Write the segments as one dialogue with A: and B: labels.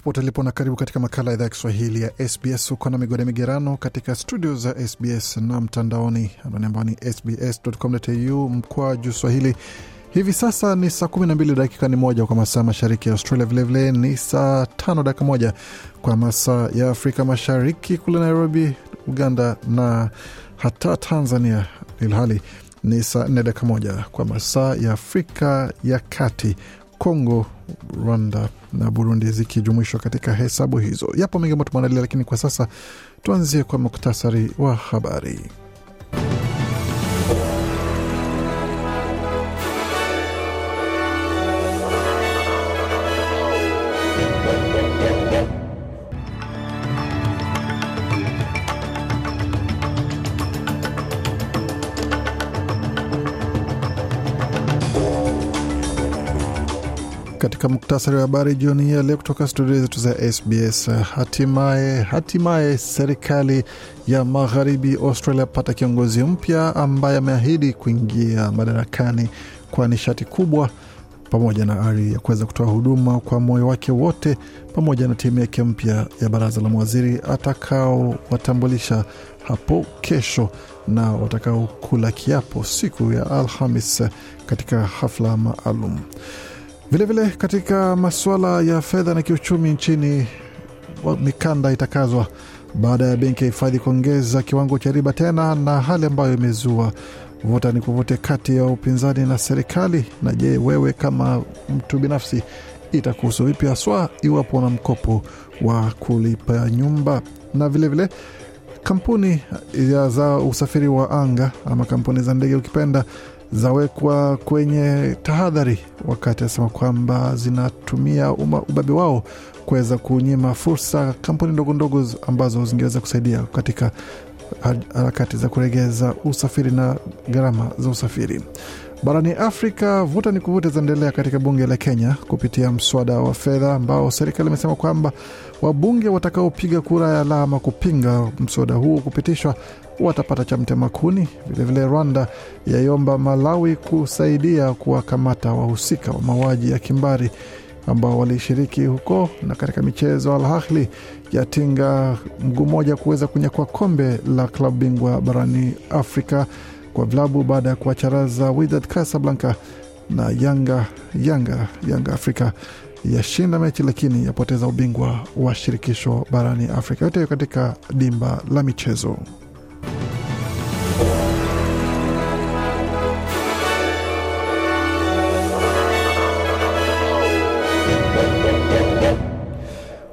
A: popote ulipo na karibu katika makala ya idhaa ya Kiswahili ya SBS. huko na migode migerano katika studio za SBS na mtandaoni, anwani ambao ni sbs.com.au mkwa juu swahili. Hivi sasa ni saa 12 dakika ni moja kwa masaa mashariki ya Australia, vilevile vile, ni saa tano dakika moja kwa masaa ya Afrika Mashariki kule Nairobi, Uganda na hata Tanzania, ilhali ni saa nne dakika moja kwa masaa ya Afrika ya Kati Kongo, Rwanda na Burundi zikijumuishwa katika hesabu hizo. Yapo mengi ambayo tumeandalia, lakini kwa sasa tuanzie kwa muktasari wa habari. Katika muktasari wa habari jioni hii ya leo kutoka studio zetu za SBS, hatimaye hatimaye serikali ya magharibi Australia pata kiongozi mpya ambaye ameahidi kuingia madarakani kwa nishati kubwa pamoja na ari ya kuweza kutoa huduma kwa moyo wake wote, pamoja na timu yake mpya ya baraza la mawaziri atakaowatambulisha hapo kesho na watakaokula kiapo siku ya Alhamis katika hafla maalum. Vilevile vile katika masuala ya fedha na kiuchumi nchini, mikanda itakazwa baada ya benki ya hifadhi kuongeza kiwango cha riba tena, na hali ambayo imezua vuta ni kuvute kati ya upinzani na serikali. Na je, wewe kama mtu binafsi itakuhusu vipi, haswa iwapo na mkopo wa kulipa nyumba? Na vilevile vile, kampuni za usafiri wa anga ama kampuni za ndege ukipenda zawekwa kwenye tahadhari, wakati asema kwamba zinatumia ubabe wao kuweza kunyima fursa kampuni ndogo ndogo ambazo zingeweza kusaidia katika harakati za kuregeza usafiri na gharama za usafiri. Barani Afrika, vuta ni kuvuta zaendelea katika bunge la Kenya kupitia mswada wa fedha ambao serikali imesema kwamba wabunge watakaopiga kura ya alama kupinga mswada huo kupitishwa watapata chamte makuni Vilevile, Rwanda yaiomba Malawi kusaidia kuwakamata wahusika wa mauaji ya kimbari ambao walishiriki huko. Na katika michezo, Al Ahly yatinga mguu moja kuweza kunyakua kombe la klabu bingwa barani Afrika kwa vilabu baada ya kuwacharaza Wydad Casablanca na Yanga. Yanga Yanga Afrika yashinda mechi lakini yapoteza ubingwa wa shirikisho barani Afrika. Yote katika dimba la michezo.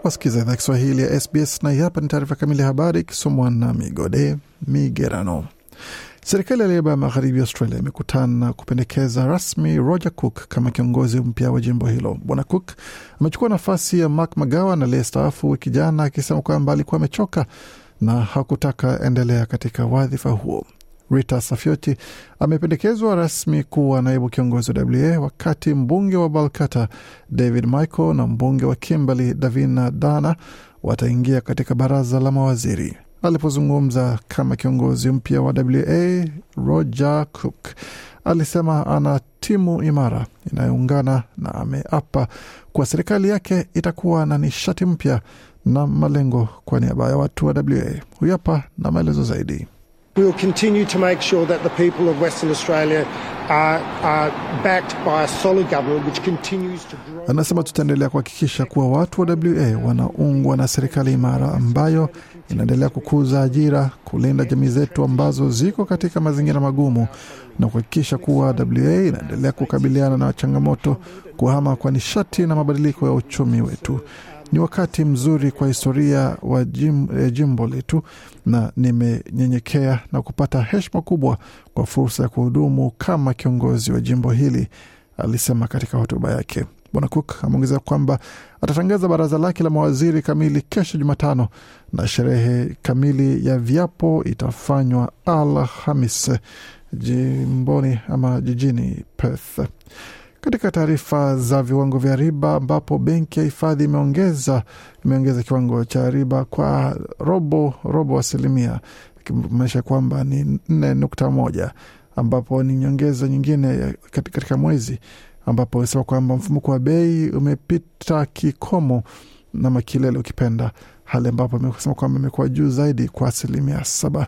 A: Wasikiza idhaa Kiswahili ya SBS na hii hapa ni taarifa kamili ya habari ikisomwa na Migode Migerano. Serikali ya leba ya magharibi Australia imekutana kupendekeza rasmi Roger Cook kama kiongozi mpya wa jimbo hilo. Bwana Cook amechukua nafasi ya Mark McGowan aliyestaafu wiki jana, akisema kwamba alikuwa amechoka na hakutaka endelea katika wadhifa huo. Rita Safioti amependekezwa rasmi kuwa naibu kiongozi wa WA wakati mbunge wa Balkata David Michael na mbunge wa Kimberley Davina Dana wataingia katika baraza la mawaziri. Alipozungumza kama kiongozi mpya wa WA, Roger Cook alisema ana timu imara inayoungana na ameapa kuwa serikali yake itakuwa na nishati mpya na malengo kwa niaba ya watu wa WA. Huyu hapa na maelezo zaidi. We will continue to make sure that the people of Western Australia are, are backed by a solid government which continues to grow. Anasema tutaendelea kuhakikisha kuwa watu wa WA wanaungwa na serikali imara ambayo inaendelea kukuza ajira, kulinda jamii zetu ambazo ziko katika mazingira magumu na kuhakikisha kuwa WA inaendelea kukabiliana na changamoto kuhama kwa nishati na mabadiliko ya uchumi wetu. Ni wakati mzuri kwa historia wa jim, eh, jimbo letu, na nimenyenyekea na kupata heshma kubwa kwa fursa ya kuhudumu kama kiongozi wa jimbo hili, alisema katika hotuba yake. Bwana Cook ameongeza kwamba atatangaza baraza lake la mawaziri kamili kesho Jumatano, na sherehe kamili ya viapo itafanywa Alhamis jimboni ama jijini Perth katika taarifa za viwango vya riba ambapo benki ya hifadhi imeongeza imeongeza kiwango cha riba kwa robo robo asilimia ikimaanisha kwamba ni nne nukta moja ambapo ni nyongeza nyingine katika mwezi ambapo amesema kwamba mfumuko wa bei umepita kikomo na makilele ukipenda hali ambapo amesema kwamba imekuwa juu zaidi kwa asilimia saba.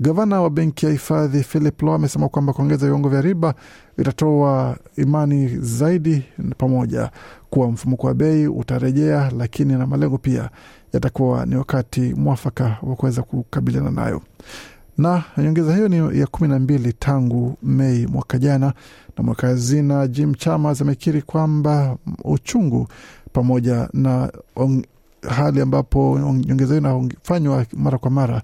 A: Gavana wa benki ya hifadhi Philip Lowe amesema kwamba kuongeza viwango vya riba itatoa imani zaidi, pamoja kuwa mfumuko wa bei utarejea, lakini na malengo pia yatakuwa ni wakati mwafaka wa kuweza kukabiliana nayo na nyongeza hiyo ni ya kumi na mbili tangu Mei mwaka jana. Na mweka hazina Jim Chalmers amekiri kwamba uchungu pamoja na hali ambapo nyongeza hiyo inafanywa mara kwa mara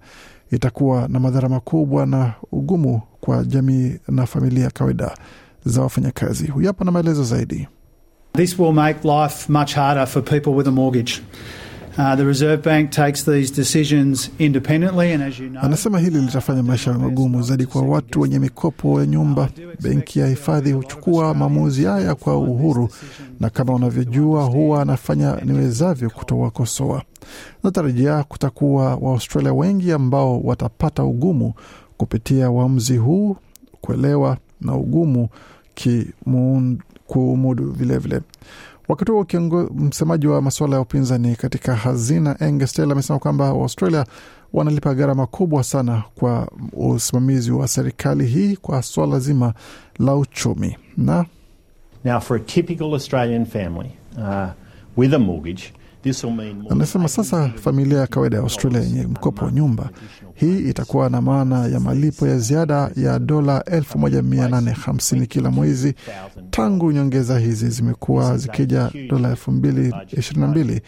A: itakuwa na madhara makubwa na ugumu kwa jamii na familia ya kawaida za wafanyakazi. Huyu hapa na maelezo zaidi. This will make life much harder for people with a mortgage. Uh, Anasema hili litafanya maisha magumu zaidi kwa watu wenye mikopo ya nyumba. Benki ya Hifadhi huchukua maamuzi haya kwa uhuru, na kama unavyojua, huwa anafanya niwezavyo kutowakosoa. Natarajia kutakuwa Waaustralia wengi ambao watapata ugumu kupitia uamzi huu, kuelewa na ugumu kumudu kuumudu vilevile vile. Wakati huo msemaji wa masuala ya upinzani katika hazina engestel amesema kwamba Waustralia wanalipa gharama kubwa sana kwa usimamizi wa serikali hii kwa swala zima la uchumi. Na Now for a typical Australian family, uh, with a mortgage, anasema sasa familia ya kawaida ya Australia yenye mkopo wa nyumba hii itakuwa na maana ya malipo ya ziada ya dola 1850 kila mwezi. Tangu nyongeza hizi zimekuwa zikija dola 2022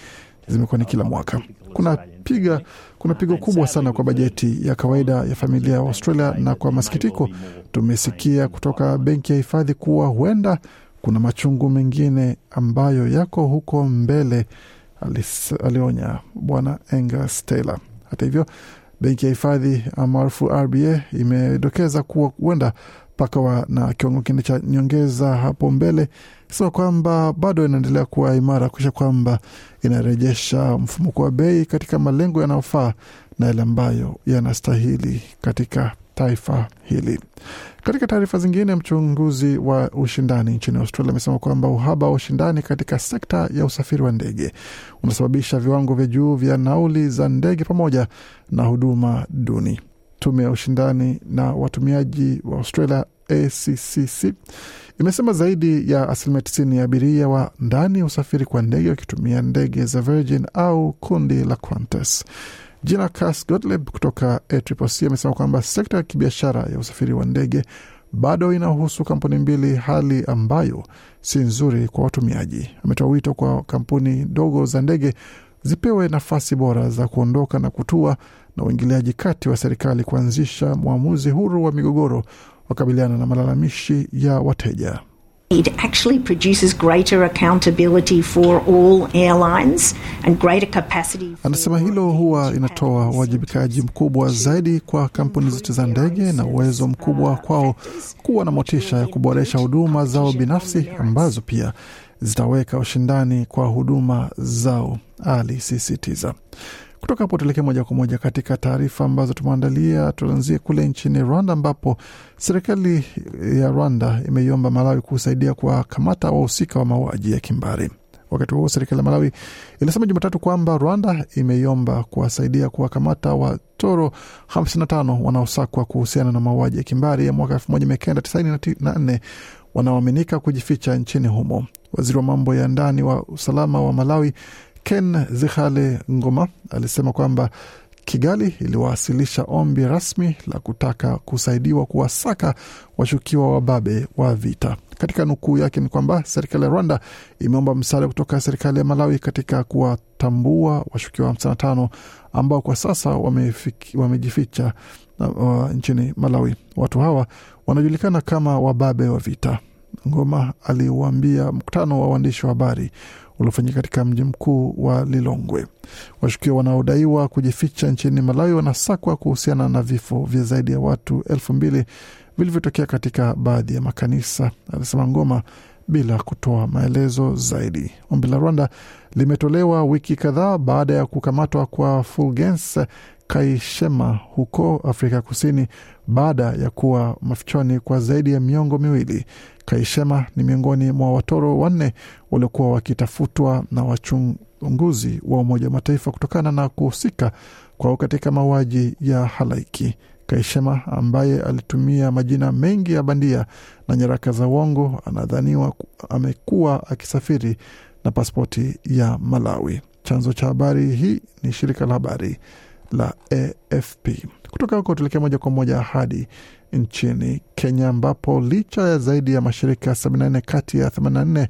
A: zimekuwa ni kila mwaka. Kuna piga kuna pigo kubwa sana kwa bajeti ya kawaida ya familia ya Australia, na kwa masikitiko tumesikia kutoka benki ya hifadhi kuwa huenda kuna machungu mengine ambayo yako huko mbele, alionya Bwana Angus Taylor. Hata hivyo Benki ya hifadhi maarufu RBA imedokeza kuwa huenda pakawa na kiwango kingine cha nyongeza hapo mbele, ikisema kwamba bado inaendelea kuwa imara kuisha kwamba inarejesha mfumuko wa bei katika malengo yanayofaa na yale ambayo yanastahili katika taifa hili. Katika taarifa zingine, mchunguzi wa ushindani nchini Australia amesema kwamba uhaba wa ushindani katika sekta ya usafiri wa ndege unasababisha viwango vya juu vya nauli za ndege pamoja na huduma duni. Tume ya ushindani na watumiaji wa Australia ACCC imesema zaidi ya asilimia tisini ya abiria wa ndani ya usafiri kwa ndege wakitumia ndege za Virgin au kundi la Qantas Jina Cas Gotleb kutoka ACCC amesema kwamba sekta ya kibiashara ya usafiri wa ndege bado inahusu kampuni mbili, hali ambayo si nzuri kwa watumiaji. Ametoa wito kwa kampuni ndogo za ndege zipewe nafasi bora za kuondoka na kutua na uingiliaji kati wa serikali kuanzisha mwamuzi huru wa migogoro wakabiliana na malalamishi ya wateja. It actually produces greater accountability for all airlines and greater capacity. Anasema hilo huwa inatoa uwajibikaji mkubwa zaidi kwa kampuni zote za ndege na uwezo mkubwa kwao kuwa na motisha ya kuboresha huduma zao binafsi ambazo pia zitaweka ushindani kwa huduma zao, alisisitiza. Kutoka hapo tuelekee moja kwa moja katika taarifa ambazo tumeandalia. Tuanzie kule nchini Rwanda, ambapo serikali ya Rwanda imeiomba Malawi kusaidia kuwakamata wahusika wa mauaji ya kimbari. Wakati huo serikali ya Malawi ilisema Jumatatu kwamba Rwanda imeiomba kuwasaidia kuwakamata watoro 55 wanaosakwa kuhusiana na mauaji ya kimbari ya mwaka 1994 wanaoaminika kujificha nchini humo. Waziri wa mambo ya ndani wa usalama wa Malawi Ken Zihale Ngoma alisema kwamba Kigali iliwasilisha ombi rasmi la kutaka kusaidiwa kuwasaka washukiwa wababe wa vita. Katika nukuu yake ni kwamba serikali ya Rwanda imeomba msaada kutoka serikali ya Malawi katika kuwatambua washukiwa 55 ambao kwa sasa wamejificha wamejificha uh, nchini Malawi. Watu hawa wanajulikana kama wababe wa vita. Ngoma aliwaambia mkutano wa waandishi wa habari uliofanyika katika mji mkuu wa Lilongwe. Washukiwa wanaodaiwa kujificha nchini Malawi wanasakwa kuhusiana na vifo vya zaidi ya watu elfu mbili vilivyotokea katika baadhi ya makanisa, alisema Ngoma bila kutoa maelezo zaidi. Ombi la Rwanda limetolewa wiki kadhaa baada ya kukamatwa kwa Fulgens Kaishema huko Afrika Kusini baada ya kuwa mafichoni kwa zaidi ya miongo miwili. Kaishema ni miongoni mwa watoro wanne waliokuwa wakitafutwa na wachunguzi wa Umoja wa Mataifa kutokana na kuhusika kwao katika mauaji ya halaiki Kaishema ambaye alitumia majina mengi ya bandia na nyaraka za uongo anadhaniwa amekuwa akisafiri na paspoti ya Malawi. Chanzo cha habari hii ni shirika la habari la AFP. Kutoka huko tuelekea moja kwa moja hadi nchini Kenya, ambapo licha ya zaidi ya mashirika 74 kati ya 84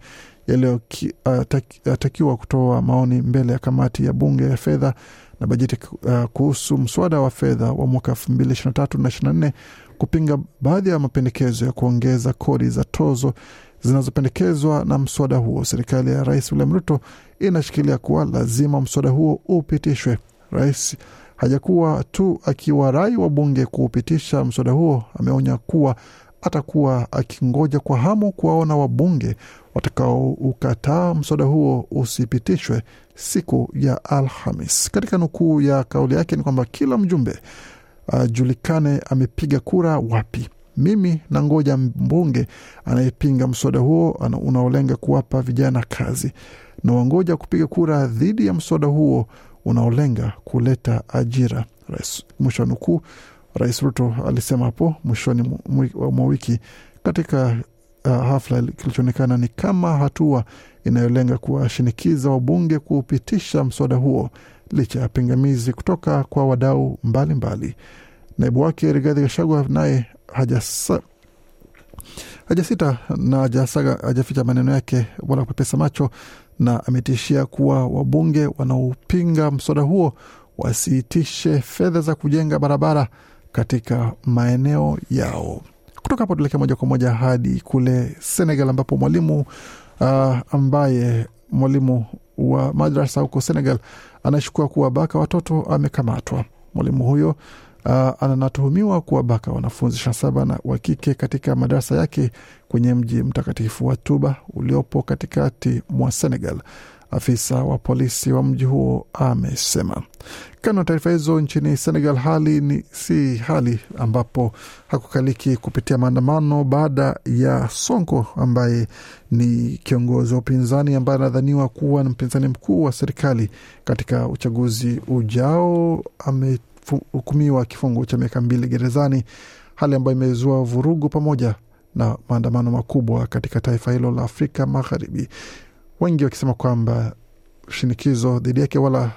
A: yaliyotakiwa uh, uh kutoa maoni mbele ya kamati ya bunge ya fedha na bajeti uh, kuhusu mswada wa fedha wa mwaka 2023 na 24 kupinga baadhi ya mapendekezo ya kuongeza kodi za tozo zinazopendekezwa na mswada huo. Serikali ya Rais William Ruto inashikilia kuwa lazima mswada huo upitishwe. Rais hajakuwa tu akiwarai wabunge kuupitisha mswada huo, ameonya kuwa atakuwa akingoja kwa hamu kuwaona wabunge watakaoukataa mswada huo usipitishwe siku ya Alhamis. Katika nukuu ya kauli yake ni kwamba kila mjumbe ajulikane uh, amepiga kura wapi. Mimi na ngoja mbunge anayepinga mswada huo unaolenga kuwapa vijana kazi, na wangoja kupiga kura dhidi ya mswada huo unaolenga kuleta ajira. Rais, mwisho wa nukuu. Rais Ruto alisema hapo mwishoni mwa wiki katika uh, hafla kilichoonekana ni kama hatua inayolenga kuwashinikiza wabunge kupitisha mswada huo licha ya pingamizi kutoka kwa wadau mbalimbali. Naibu wake Rigathi Gachagua naye hajasa hajasita na hajasaga, hajaficha maneno yake wala kupepesa macho, na ametishia kuwa wabunge wanaopinga mswada huo wasiitishe fedha za kujenga barabara katika maeneo yao. Kutoka hapo tuelekee moja kwa moja hadi kule Senegal ambapo mwalimu uh, ambaye mwalimu wa madrasa huko Senegal anashukua kuwabaka watoto amekamatwa. Mwalimu huyo uh, anatuhumiwa kuwabaka wanafunzi ishirini na saba na wa kike katika madarasa yake kwenye mji mtakatifu wa Tuba uliopo katikati mwa Senegal afisa wa polisi wa mji huo amesema. Kando na taarifa hizo, nchini Senegal hali ni si hali ambapo hakukaliki kupitia maandamano baada ya Sonko ambaye ni kiongozi wa upinzani ambaye anadhaniwa kuwa ni mpinzani mkuu wa serikali katika uchaguzi ujao amehukumiwa kifungo cha miaka mbili gerezani, hali ambayo imezua vurugu pamoja na maandamano makubwa katika taifa hilo la Afrika Magharibi wengi wakisema kwamba shinikizo dhidi yake wala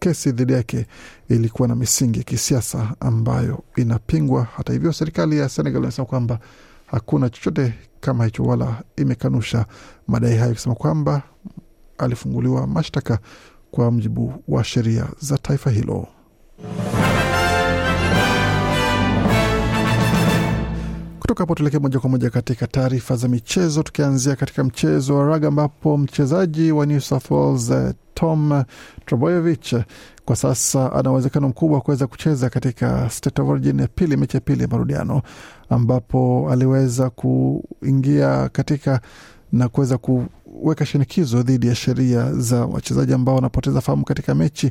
A: kesi dhidi yake ilikuwa na misingi ya kisiasa ambayo inapingwa. Hata hivyo, serikali ya Senegal inasema kwamba hakuna chochote kama hicho, wala imekanusha madai hayo, ikisema kwamba alifunguliwa mashtaka kwa mujibu wa sheria za taifa hilo. Kutoka hapo tuelekee moja kwa moja katika taarifa za michezo, tukianzia katika mchezo wa raga ambapo mchezaji wa New South Wales eh, Tom Trebojevic kwa sasa ana uwezekano mkubwa wa kuweza kucheza katika State of Origin ya pili, mechi ya pili ya marudiano, ambapo aliweza kuingia katika na kuweza kuweka shinikizo dhidi ya sheria za wachezaji ambao wanapoteza fahamu katika mechi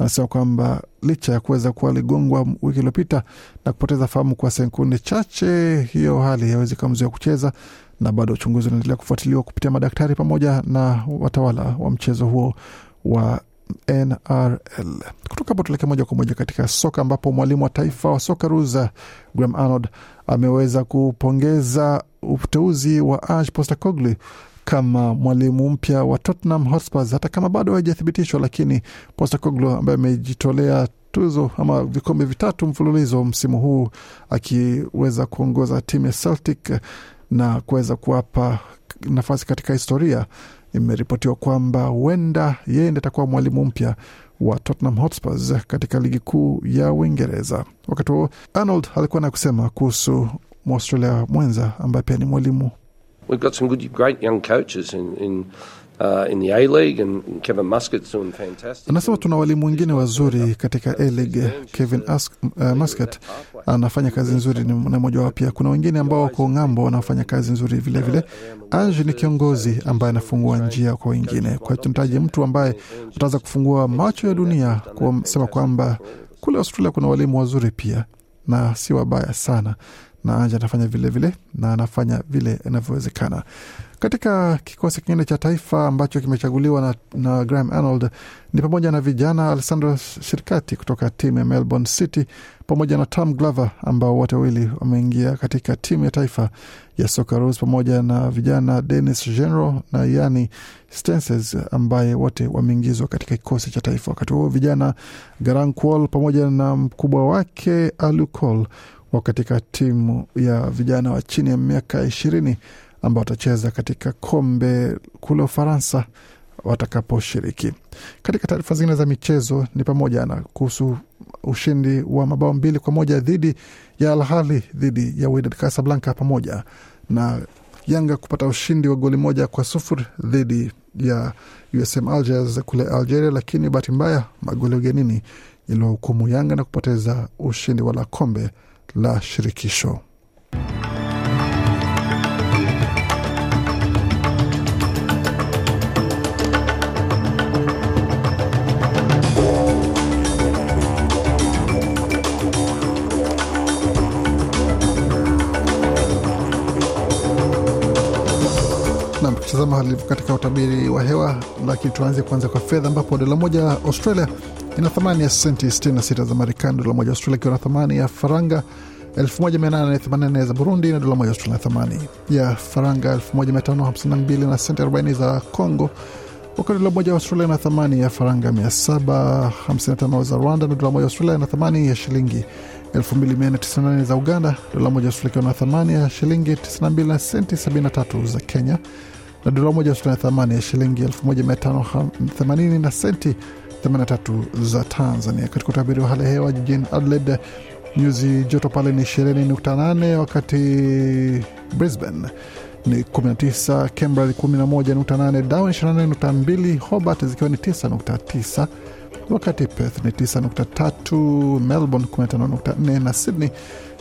A: anasema kwamba licha ya kuweza kuwa aligongwa wiki iliyopita na kupoteza fahamu kwa sekunde chache, hiyo hali haiwezi ya kucheza, na bado uchunguzi unaendelea kufuatiliwa kupitia madaktari pamoja na watawala wa mchezo huo wa NRL. Kutoka hapo tuelekee moja kwa moja katika soka ambapo mwalimu wa taifa wa Socceroos Graham Arnold ameweza kupongeza uteuzi wa Ange Postecoglou kama mwalimu mpya wa Tottenham Hotspur, hata kama bado haijathibitishwa, lakini Postecoglou ambaye amejitolea tuzo ama vikombe vitatu mfululizo msimu huu akiweza kuongoza timu ya Celtic na kuweza kuwapa nafasi katika historia. Imeripotiwa kwamba huenda yeye ndiye atakuwa mwalimu mpya wa Tottenham Hotspurs katika ligi kuu ya Uingereza. Wakati huo Arnold alikuwa na kusema kuhusu Mwaustralia mwenza ambaye pia ni mwalimu we've got some good, great young coaches in, in uh, Anasema tuna walimu wengine wazuri katika A League. Kevin Ask, uh, anafanya kazi nzuri, ni mmoja wao. Pia kuna wengine ambao wako ng'ambo wanafanya kazi nzuri vilevile. Ange ni kiongozi ambaye anafungua njia kwa wengine, kwa hiyo tunahitaji mtu ambaye ataweza kufungua macho ya dunia, kusema kwamba kule Australia kuna walimu wazuri pia na si wabaya sana na Anja anafanya vile vile na anafanya vile inavyowezekana. Katika kikosi kingine cha taifa ambacho kimechaguliwa na, na Graham Arnold ni pamoja na vijana Alessandro Sirkati kutoka timu ya Melbourne City pamoja na Tom Glover ambao wote wawili wameingia katika timu ya taifa ya Socceroos pamoja na vijana Dennis General na Yani stenses ambaye wote wameingizwa katika kikosi cha taifa. Wakati huo vijana Garankuol pamoja na mkubwa wake Alukol wa katika timu ya vijana wa chini ya miaka ishirini ambao watacheza katika kombe kule Ufaransa watakaposhiriki. Katika taarifa zingine za michezo ni pamoja na kuhusu ushindi wa mabao mbili kwa moja dhidi ya Al Ahly dhidi ya Wydad Casablanca pamoja na Yanga kupata ushindi wa goli moja kwa sufuri dhidi ya USM Alger kule Algeria, lakini bahati mbaya magoli ugenini yaliwahukumu Yanga na kupoteza ushindi wa la kombe la shirikisho. kama halilivyo katika utabiri wa hewa, lakini tuanze kwanza kwa fedha, ambapo dola moja Australia ina thamani ya senti 66 za Marekani, dola moja Australia ikiwa na thamani ya faranga 1884 za Burundi, na dola moja Australia na thamani ya faranga 1552 na senti 40 za Congo, wakati dola moja Australia na thamani ya faranga 755 za Rwanda, na dola moja Australia na thamani ya shilingi 2498 za Uganda, dola moja Australia ikiwa na thamani ya shilingi 92 na senti 73 za Kenya na dola moja tuna thamani ya shilingi 1580 na senti 83 za Tanzania. Katika utabiri wa hali ya hewa jijini Adelaide, nyuzi joto pale ni 20.8, wakati Brisbane ni 19, Canberra 11.8, Darwin 24.2, Hobart zikiwa ni 9.9, wakati Perth ni 9.3, Melbourne 15.4 na Sydney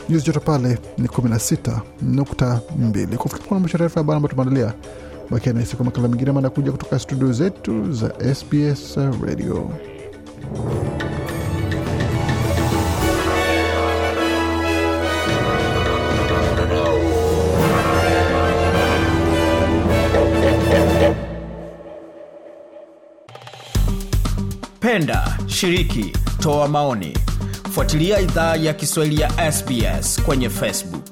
A: nyuzi joto pale ni 16.2. Kufikia kuna mwisho taarifa ya habari ambayo tumeandalia Bakia nasi kwa makala mengine manakuja kutoka studio zetu za SBS Radio. Penda, shiriki, toa maoni. Fuatilia idhaa ya Kiswahili ya SBS kwenye Facebook.